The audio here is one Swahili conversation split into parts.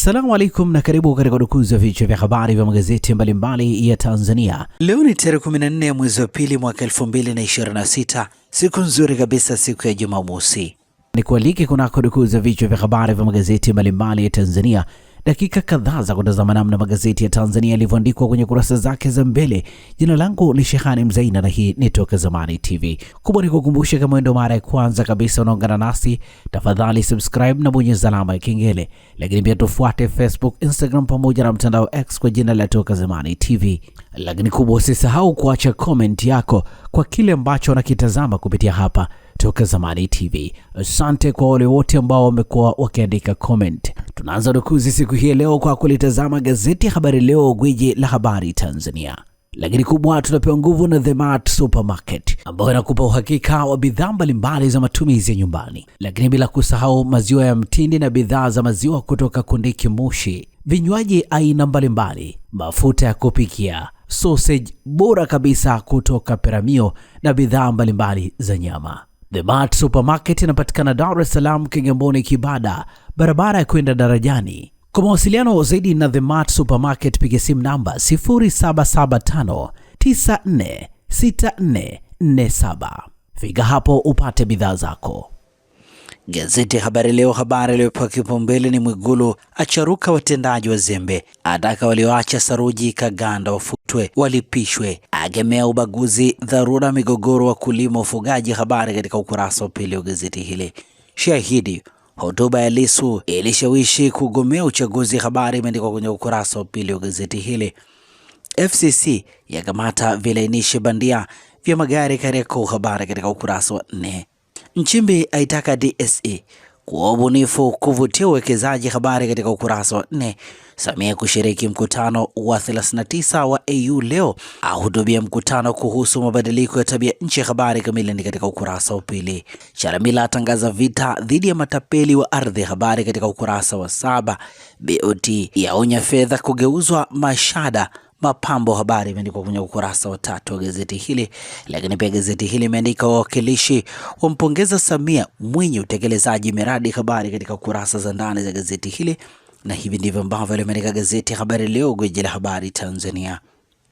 Assalamu alaikum na karibu katika udukuzi wa vichwa vya habari vya magazeti mbalimbali mbali ya Tanzania. Leo ni tarehe 14 ya mwezi wa pili mwaka 2026, siku nzuri kabisa, siku ya Jumamosi. Nikualike kunako dukuzi wa vichwa vya habari vya magazeti mbalimbali ya Tanzania dakika kadhaa za kutazama namna magazeti ya Tanzania yalivyoandikwa kwenye kurasa zake za mbele. Jina langu ni Shehani Mzaina na hii ni Toka Zamani TV. Kubwa ni kukumbusha, kama ndio mara ya kwanza kabisa unaungana nasi, tafadhali subscribe na bonyeza alama ya kengele, lakini pia tufuate Facebook, Instagram pamoja na mtandao X kwa jina la Toka Zamani TV. Lakini kubwa, usisahau kuacha comment yako kwa kile ambacho unakitazama kupitia hapa Toka Zamani TV. Asante kwa wale wote ambao wamekuwa wakiandika comment. Tunaanza dukuzi siku hii leo kwa kulitazama gazeti ya Habari Leo, gwiji la habari Tanzania. Lakini kubwa tunapewa nguvu na The Mart Supermarket ambayo inakupa uhakika wa bidhaa mbalimbali za matumizi ya nyumbani, lakini bila kusahau maziwa ya mtindi na bidhaa za maziwa kutoka Kondiki Moshi, vinywaji aina mbalimbali, mafuta ya kupikia, sausage bora kabisa kutoka Peramio na bidhaa mbalimbali za nyama. The Mart Supermarket inapatikana Dar es Salaam, Kigamboni, Kibada, barabara ya kwenda darajani. Kwa mawasiliano zaidi na The Mart Supermarket, piga simu namba 0775946447. Fika hapo upate bidhaa zako. Gazeti Habari Leo, habari iliyopewa kipaumbele ni Mwigulu acharuka watendaji wa zembe, ataka walioacha saruji kaganda wafu waletwe walipishwe, agemea ubaguzi, dharura, migogoro, wa kulima ufugaji. Habari katika ukurasa wa pili wa gazeti hili. Shahidi hotuba ya Lisu ilishawishi kugomea uchaguzi, habari imeandikwa kwenye ukurasa wa pili wa gazeti hili. FCC yakamata vilainishi bandia vya magari Kariakoo, habari katika ukurasa wa nne. Nchimbi aitaka DSE kuwa ubunifu kuvutia uwekezaji, habari katika ukurasa wa nne. Samia kushiriki mkutano wa 39 wa AU leo, ahutubia mkutano kuhusu mabadiliko ya tabia nchi. Habari kamili ni katika ukurasa wa pili. Sharamila atangaza vita dhidi ya matapeli wa ardhi, habari katika ukurasa wa saba. BOT yaonya fedha kugeuzwa mashada mapambo habari imeandikwa kwenye ukurasa wa tatu wa gazeti hili. Lakini pia gazeti hili imeandika wawakilishi wampongeza Samia Mwinyi utekelezaji miradi, habari katika kurasa za ndani za gazeti hili na hivi ndivyo ambavyo limeandika gazeti Habari Leo, gwiji la habari Tanzania,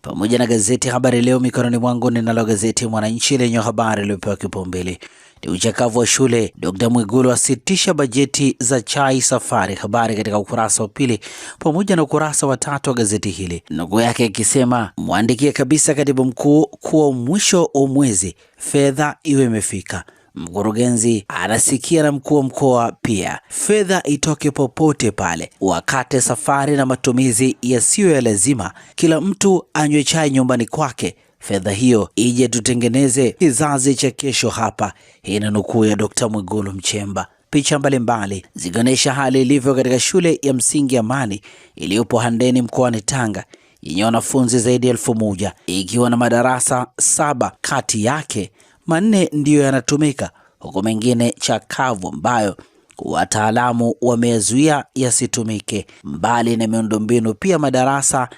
pamoja na gazeti Habari Leo mikononi mwangu. Ninalo gazeti Mwananchi lenye habari iliyopewa kipaumbele ni uchakavu wa shule, Dr. Mwigulu asitisha bajeti za chai safari. Habari katika ukurasa wa pili pamoja na ukurasa wa tatu wa gazeti hili, nukuu yake ikisema, mwandikie kabisa katibu mkuu kuwa mwisho wa mwezi fedha iwe imefika Mkurugenzi anasikia na mkuu wa mkoa pia. Fedha itoke popote pale, wakate safari na matumizi yasiyo ya lazima. Kila mtu anywe chai nyumbani kwake, fedha hiyo ije tutengeneze kizazi cha kesho hapa. Hii ni nukuu ya Dr. Mwigulu Mchemba. Picha mbalimbali zikionyesha hali ilivyo katika shule ya msingi Amani iliyopo Handeni mkoani Tanga yenye wanafunzi zaidi ya elfu moja ikiwa na madarasa saba kati yake manne ndiyo yanatumika, huku mengine chakavu ambayo wataalamu wameyazuia yasitumike. Mbali na miundombinu, pia madarasa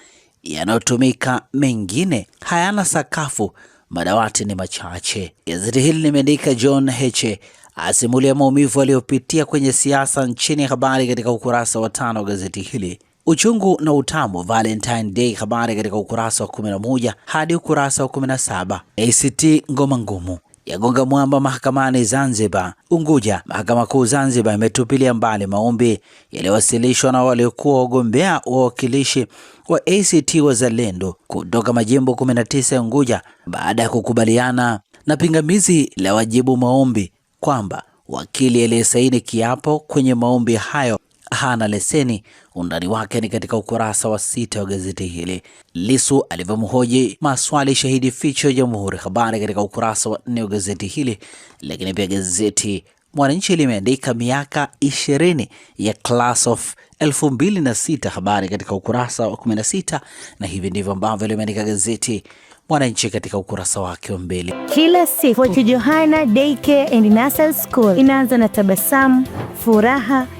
yanayotumika mengine hayana sakafu, madawati ni machache. Gazeti hili limeandika John Heche asimulia maumivu aliyopitia kwenye siasa nchini, habari katika ukurasa wa tano wa gazeti hili. Uchungu na utamu Valentine Day, habari katika ukurasa wa 11 hadi ukurasa wa 17. ACT ngoma ngumu yagonga mwamba mahakamani Zanzibar. Unguja, mahakama kuu Zanzibar imetupilia mbali maombi yaliyowasilishwa na waliokuwa wagombea wawakilishi wa ACT Wazalendo kutoka majimbo 19 ya Unguja baada ya kukubaliana na pingamizi la wajibu maombi kwamba wakili aliyesaini kiapo kwenye maombi hayo hana leseni. Undani wake ni katika ukurasa wa sita wa gazeti hili. Lisu alivyomhoji maswali shahidi ficho ya Jamhuri, habari katika ukurasa wa nne wa gazeti hili. Lakini pia gazeti Mwananchi limeandika miaka ishirini ya class of elfu mbili na sita habari katika ukurasa wa kumi na sita na hivi ndivyo ambavyo limeandika gazeti Mwananchi katika ukurasa wake wa mbele. Kila siku Johanna Daycare and Nursery School inaanza na tabasamu, furaha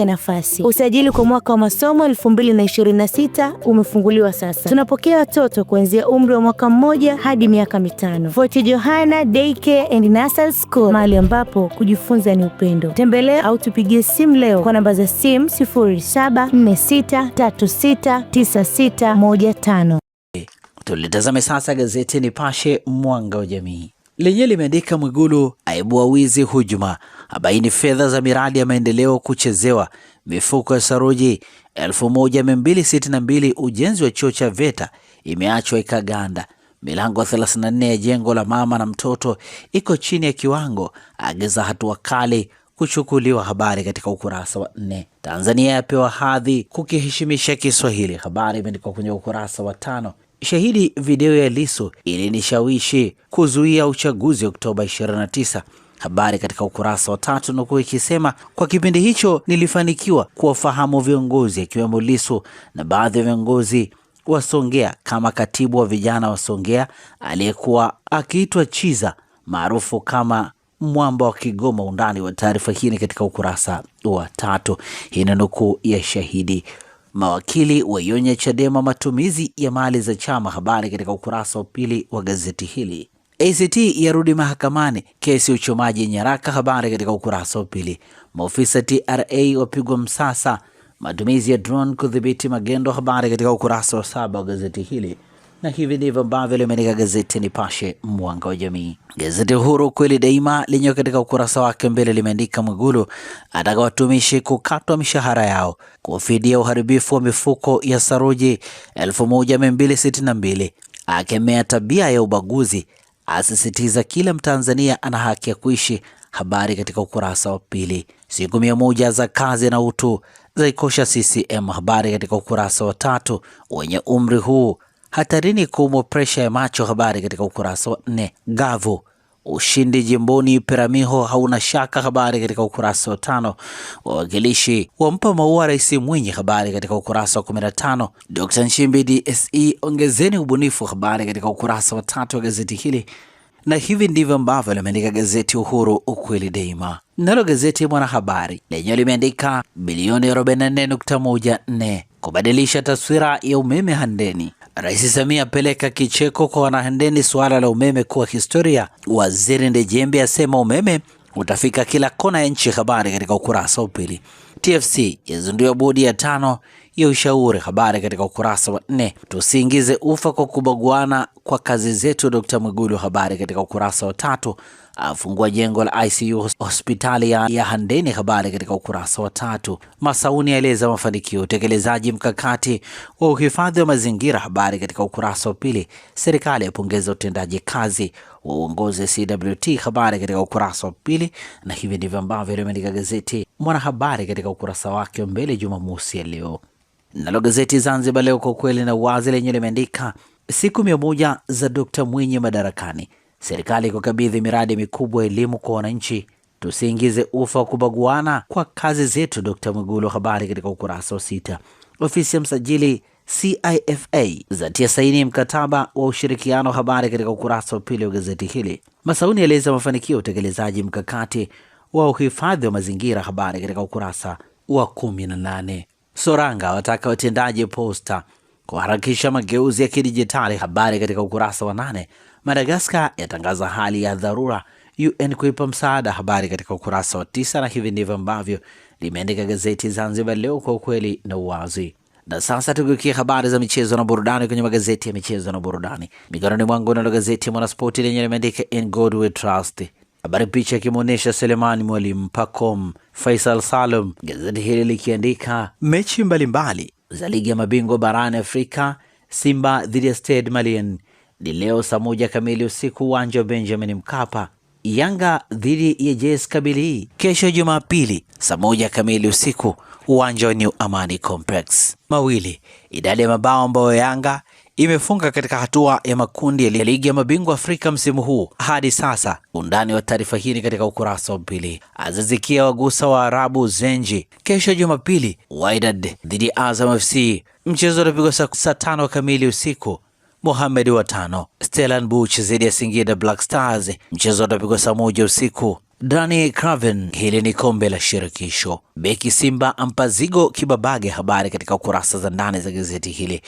upate nafasi. Usajili kwa mwaka wa masomo 2026 umefunguliwa sasa. Tunapokea watoto kuanzia umri wa mwaka mmoja hadi miaka mitano. Fort Johanna Daycare and Nursery School, mahali ambapo kujifunza ni upendo. Tembelea au tupigie simu leo kwa namba za simu 0746369615. Tulitazame sasa gazeti Nipashe mwanga wa jamii lenyewe limeandika Mwigulu aibua wizi hujuma abaini fedha za miradi ya maendeleo kuchezewa. Mifuko ya saruji 1262 ujenzi wa chuo cha VETA imeachwa ikaganda. Milango 34 ya jengo la mama na mtoto iko chini ya kiwango. Agiza hatua kali kuchukuliwa. Habari katika ukurasa wa nne. Tanzania yapewa hadhi kukiheshimisha Kiswahili. Habari imeandikwa kwenye ukurasa wa tano. Shahidi video ya Lisu ilinishawishi kuzuia uchaguzi Oktoba 29. Habari katika ukurasa wa tatu nukuu ikisema kwa kipindi hicho nilifanikiwa kuwafahamu viongozi akiwemo Lissu na baadhi ya viongozi wa Songea kama katibu wa vijana wa Songea aliyekuwa akiitwa Chiza maarufu kama mwamba wa Kigoma. Undani wa taarifa hii ni katika ukurasa wa tatu. Hii ni nukuu ya shahidi. Mawakili waionya Chadema matumizi ya mali za chama. Habari katika ukurasa wa pili wa gazeti hili. ACT yarudi mahakamani kesi uchomaji nyaraka, habari katika ukurasa wa pili. Maofisa TRA wapigwa msasa matumizi ya drone kudhibiti magendo, habari katika ukurasa wa saba wa gazeti hili na hivi ndivyo ambavyo limeandika gazeti Nipashe mwanga wa jamii. Gazeti Uhuru kweli daima lenyewe katika ukurasa wake mbele limeandika Mwigulu ataka watumishi kukatwa mishahara yao kufidia uharibifu wa mifuko ya saruji 1262 akemea tabia ya ubaguzi asisitiza kila Mtanzania ana haki ya kuishi. Habari katika ukurasa wa pili. Siku mia moja za kazi na utu zaikosha CCM. Habari katika ukurasa wa tatu. Wenye umri huu hatarini kuumwa presha ya macho. Habari katika ukurasa wa nne. Gavu Ushindi jimboni Peramiho hauna shaka. Habari katika ukurasa wa tano. Wawakilishi wampa maua Rais Mwinyi. Habari katika ukurasa wa 15. d Nchimbi DSE ongezeni ubunifu. Habari katika ukurasa wa tatu wa gazeti hili, na hivi ndivyo ambavyo limeandika gazeti Uhuru, ukweli daima. Nalo gazeti Mwanahabari lenyewe limeandika bilioni 44.14 kubadilisha taswira ya umeme Handeni Rais Samia apeleka kicheko kwa wanahandeni suala la umeme kuwa historia. Waziri Ndejembe asema umeme utafika kila kona ya nchi. Habari katika ukurasa wa pili. TFC yazindua bodi ya tano ya ushauri. Habari katika ukurasa wa nne. Tusiingize ufa kwa kubaguana kwa kazi zetu, Dkt. Mwigulu. Habari katika ukurasa wa tatu. Afungua jengo la ICU hospitali ya, ya Handeni. Habari katika ukurasa wa tatu. Masauni aeleza mafanikio utekelezaji mkakati wa uhifadhi wa mazingira. Habari katika ukurasa wa pili. Serikali yapongeza utendaji kazi wa uongozi CWT. Habari katika ukurasa wa pili, na hivi ndivyo ambavyo limeandika gazeti Mwanahabari katika ukurasa wake wa mbele Jumamosi ya leo. Nalo gazeti Zanzibar Leo kwa ukweli na uwazi lenye limeandika siku mia moja za Dkt Mwinyi madarakani, serikali kukabidhi miradi mikubwa elimu kwa wananchi, tusiingize ufa wa kubaguana kwa kazi zetu, Dkt Mwigulu, habari katika ukurasa wa sita. Ofisi ya msajili CIFA zatia saini mkataba wa ushirikiano, habari katika ukurasa wa pili wa gazeti hili. Masauni alieleza mafanikio ya utekelezaji mkakati wa uhifadhi wa mazingira, habari katika ukurasa wa kumi na nane. Soranga wataka watendaji posta kuharakisha mageuzi ya kidijitali. Habari katika ukurasa wa nane. Madagaskar yatangaza hali ya dharura UN kuipa msaada. Habari katika ukurasa wa tisa, na hivi ndivyo ambavyo limeandika gazeti Zanzibar Leo, kwa ukweli na uwazi. Na sasa tukiukia habari za michezo na burudani kwenye magazeti ya michezo na burudani, mikononi mwangu nalo gazeti ya Mwanaspoti lenye limeandika In God We Trust Habari picha ikimwonyesha Selemani Mwalimu Pacom Faisal Salum, gazeti hili likiandika mechi mbalimbali za ligi ya mabingwa barani Afrika. Simba dhidi ya Stade Malien ni leo saa moja kamili usiku uwanja wa Benjamin Mkapa. Yanga dhidi ya JS Kabylie kesho Jumapili saa moja kamili usiku uwanja wa New Amani Complex. Mawili, idadi ya mabao ambayo Yanga imefunga katika hatua ya makundi ya ligi ya mabingwa Afrika msimu huu hadi sasa. Undani wa taarifa hii ni katika ukurasa wa pili. Azizikia wagusa wa Arabu Zenji. Kesho Jumapili, Wydad dhidi ya Azam FC, mchezo utapigwa saa tano kamili usiku. Mohamed wa tano Stellenbosch dhidi ya Singida Black Stars, mchezo utapigwa saa moja usiku. Dani Craven, hili ni kombe la shirikisho. Beki Simba ampa zigo Kibabage, habari katika kurasa za ndani za gazeti hili.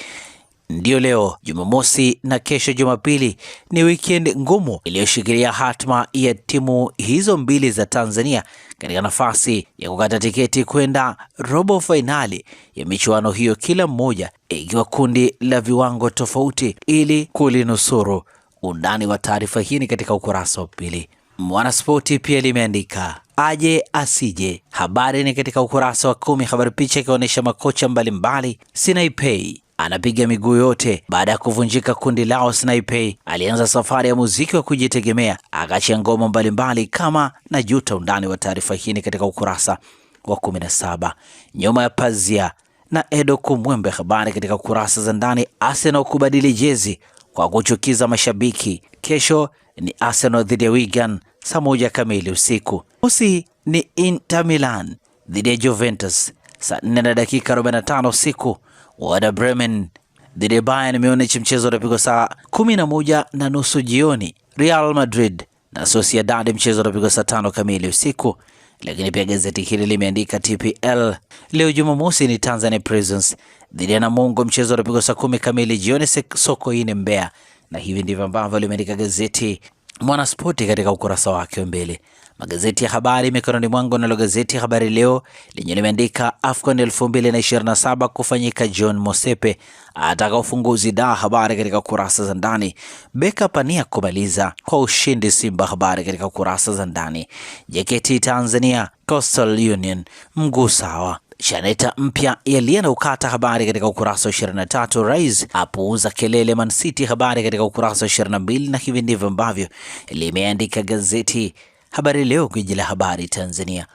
Ndiyo, leo Jumamosi na kesho Jumapili ni weekend ngumu iliyoshikilia hatma ya timu hizo mbili za Tanzania katika nafasi ya kukata tiketi kwenda robo fainali ya michuano hiyo, kila mmoja ikiwa kundi la viwango tofauti ili kulinusuru. Undani wa taarifa hii ni katika ukurasa wa pili. Mwanaspoti pia limeandika aje asije, habari ni katika ukurasa wa kumi. Habari picha ikionyesha makocha mbalimbali Sinaipei anapiga miguu yote. Baada ya kuvunjika kundi lao, snipey alianza safari ya muziki wa kujitegemea, akaachia ngoma mbalimbali kama na juta. Undani wa taarifa hii ni katika ukurasa wa 17. Nyuma ya pazia na Edo Kumwembe, habari katika kurasa za ndani. Arsenal kubadili jezi kwa kuchukiza mashabiki. Kesho ni Arsenal dhidi ya Wigan saa moja kamili usiku. Usi ni Inter Milan dhidi ya Juventus saa 4 na dakika 45 usiku. Werder Bremen dhidi ya Bayern Munich, mchezo utapigwa saa kumi na moja na nusu jioni. Real Madrid na Sociedad, mchezo utapigwa saa tano kamili usiku. Lakini pia gazeti hili limeandika TPL leo Jumamosi ni Tanzania Prisons dhidi ya Namungo, mchezo utapigwa saa kumi kamili jioni soko hii ni Mbeya, na hivi ndivyo ambavyo limeandika gazeti Mwanaspoti katika ukurasa wake wa mbele magazeti ya habari mikononi mwangu, nalo gazeti ya Habari Leo lenye limeandika AFCON 2027 kufanyika John Mosepe ataka ufunguzi da, habari katika kurasa za ndani. Beka pania kumaliza kwa ushindi Simba, habari katika kurasa za ndani. JKT Tanzania Coastal Union mguu sawa Chaneta mpya yaliye na ukata, habari katika ukurasa wa 23. Rais apuuza kelele Man City, habari katika ukurasa wa 22, na hivi ndivyo ambavyo limeandika gazeti Habari Leo, gwiji la habari Tanzania,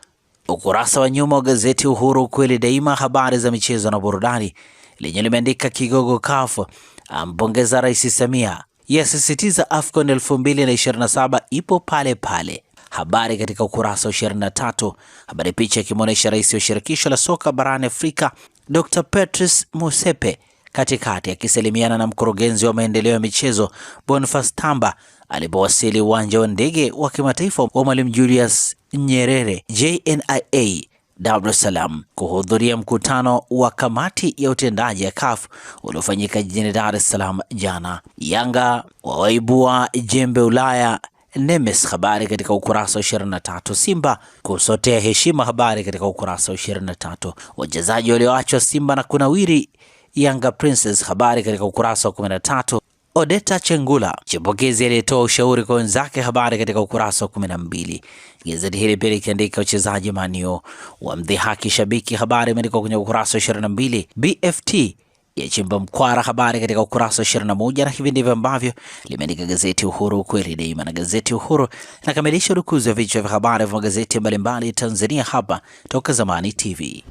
ukurasa wa nyuma wa gazeti Uhuru, kweli daima, habari za michezo na burudani, lenye limeandika kigogo CAF ampongeza Rais Samia, yasisitiza AFCON 2027 ipo pale pale. Habari katika ukurasa wa 23, habari picha ikimwonyesha rais wa shirikisho la soka barani Afrika Dr Petrus musepe katikati akisalimiana na mkurugenzi wa maendeleo ya michezo Boniface Tamba alipowasili uwanja wa ndege wa kimataifa wa Mwalimu Julius Nyerere JNIA Dar es Salaam kuhudhuria mkutano wa kamati ya utendaji ya CAF uliofanyika jijini Dar es Salaam jana. Yanga wawaibua jembe Ulaya Nemes, habari katika ukurasa wa 23. Simba kusotea heshima, habari katika ukurasa wa 23. Wachezaji walioachwa Simba na kunawiri Yanga Princess, habari katika ukurasa wa 13. Odeta Chengula Chipokezi aliyetoa ushauri kwa wenzake, habari katika ukurasa wa kumi na mbili. Gazeti hili pia likiandika wachezaji manio wa mdhihaki shabiki, habari imeandikwa kwenye ukurasa wa ishirini na mbili. BFT yachimba mkwara, habari katika ukurasa wa ishirini na moja. Na hivi ndivyo ambavyo limeandika gazeti Uhuru, ukweli daima. Na gazeti Uhuru inakamilisha udukuzi wa vichwa vya habari vya magazeti mbalimbali Tanzania hapa Toka Zamani TV.